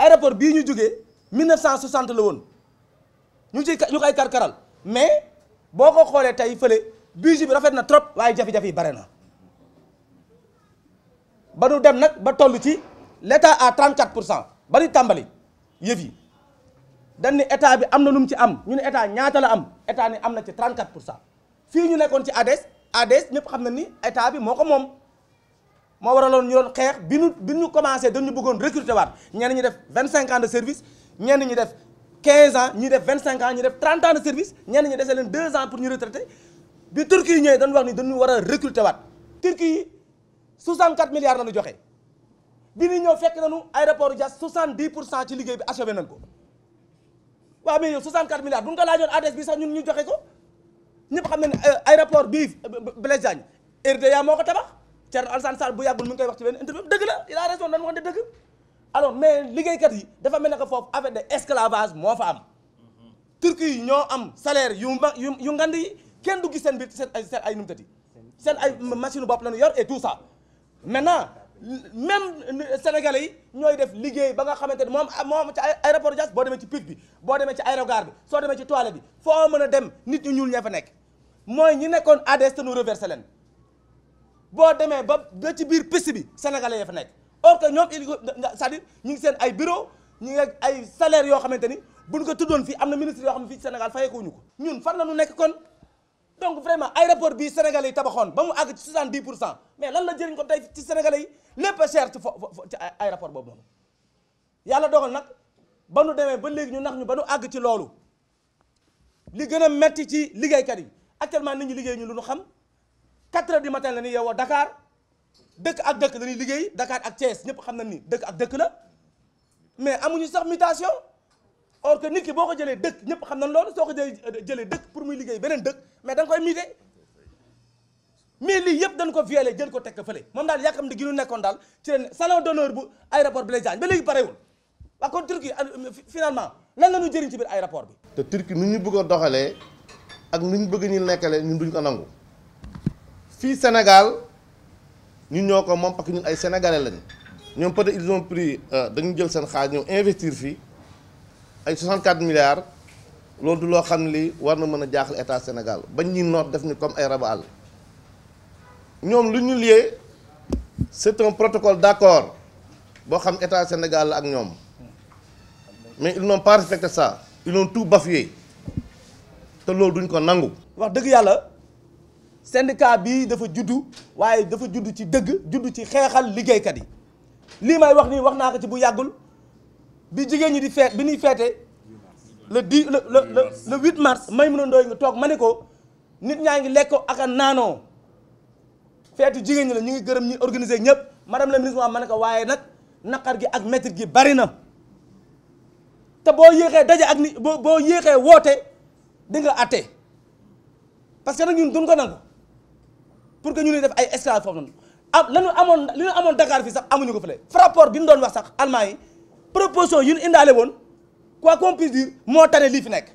aéroport bii ñu jógee 1960 la woon ñu ngi ciy ñu koy karkaral mais boo ko xoolee tey fële budget bi rafet na trop waaye jafe-jafe yi bare na ba nu dem nag ba toll ci l'état à 34 pour cent bari tàmbali yëf yi dañ ni état bi am na lu mu ci am ñu ne état ñaata la am état ni am na ci 34 pour cent fii ñu nekkoon ci ADS e ADS e ñëpp xam na ni état bi moo ko moom. moo waraloon ñu doon xeex bi ñu bi ñu commencé dañu bëggoon recruter waat ñenn ñi def 25 ans de service ñenn ñi def 15 ans ñi def 25 ans ñi def 30 de service ñenn ñi dese leen 2 ans pour ñu retraité bi Turquie yi ñëwee dañu wax ni dañu war a recruter waat Turquie yi 64 milliards la ñu joxe bi ñu ñëw fekk nañu aéroport Diass 70 pour cent ci liggéey bi achevé nañ ko waaw mais yow 64 milliards bu ñu ko laajoon adresse bi sax ñun ñu joxe ko ñëpp xam nañ ne euh, aéroport bii euh, Blaise Diagne moo ko tabax. Thierno Alassane bu yàggul mi koy wax ci benn interview dëgg la il a raison dañu wax dëgg alors mais liggéeykat yi dafa mel ne que foofu affaire de esclavage moo fa am Turquie yi ñoo am salaire yu ma yu yu ngand yi kenn du gis seen biir seen ay seen ay numtati seen ay machine bopp la ñu yor et tout ça maintenant même sénégalais yi ñooy def liggéey ba nga xamante ni moom moom ci aéroport Diass boo demee ci pic bi boo demee ci aérogare bi soo demee ci toilette bi foo mën a dem nit ñu ñuul ña fa nekk mooy ñi nekkoon ADS te ñu reversé leen boo demee ba ba ci biir piste bi sénégalais ya fa nekk or que ñoom il c'est-à-dire ñu ngi seen ay bureau ñu ngi ay salaire yoo xamante ni bu buñ ko tuddoon fii am na ministre yoo xam ne fii Sénégal fayeekuñu ko ñun fan la ñu nekk kon donc vraiment aéroport bii sénégalais yi tabaxoon ba mu àgg ci 70 pour cent mais lan la jëriñ ko tey ci sénégalais yi lépp a cher ci fo ci aéroport boobu noonu yàlla dogal nag ba nu demee ba léegi ñu nax ñu ba nu àgg ci loolu li gën a metti ci liggéeykat yi actuellement nit ñi liggéey ñu lu ñu xam quatre heures du matin la ñuy yeewoo dakaar dëkk ak dëkk dañuy liggéey Dakar ak Thiès ñëpp xam na ni dëkk ak dëkk la mais amuñu sax mutation or que nit ki boo ko jëlee dëkk ñëpp xam nañ loolu soo ko euh, jëlee dëkk pour muy liggéey beneen dëkk mais da nga koy muté mais lii yëpp dañ ko violé jël ko teg ko fële moom daal yàkkam di gi ñu nekkoon daal ci ren salon d'honneur bu aéroport Blaise Diagne ba léegi parewul waa kon Turquie euh, finalement lan la ñu jëriñ ci biir aéroport bi. te Turquie nu ñu bëgg doxalee nu ñu bëgg ñu nekkale ñun duñ ko nangu. fii Sénégal ñu ñoo ko moom parce ñu ay sénégalais lañ ñoom peut-être ils ont euh, dañu jël seen xaalis ñoom investir fii ay 64 milliards loolu du loo xam ne war na mën a jaaxal état Sénégal bañ ñuy noot def ñu comme ay raba àll ñoom lu ñu lié c'est un protocole d'accord boo xam état Sénégal la ak ñoom mais ils n'ont pas respecté ça ils ont tout bafoué te loolu duñ ko nangu. wax dëgg yàlla. syndicat bii dafa juddu waaye dafa juddu ci dëgg juddu ci xeexal liggéeykat yi lii may wax nii wax naa ko ci bu yàggul bi jigéen ñi di feet bi ñuy feete le 10 le le le 8 mars Maimouna Ndoye nga toog ma ne ko nit ñaa ngi lekkoo ak a naanoo feetu jigéen ñi la ñu ngi gërëm ñi organiser ñëpp madame la ministre ma ne ko waaye nag naqar gi ak métit gi bari na te boo yéexee daje ak ni boo yéexee woote di nga àtte parce que nag ñun duñ ko nangu pour que ñu ñuy def ay esclave foofu noonu am amoon li ñu amoon Dakar fii sax amuñu ko fële rapport bi ñu doon wax sax allemand yi proposition yu ñu indaale woon quoi qu'on puisse moo tane lii fi nekk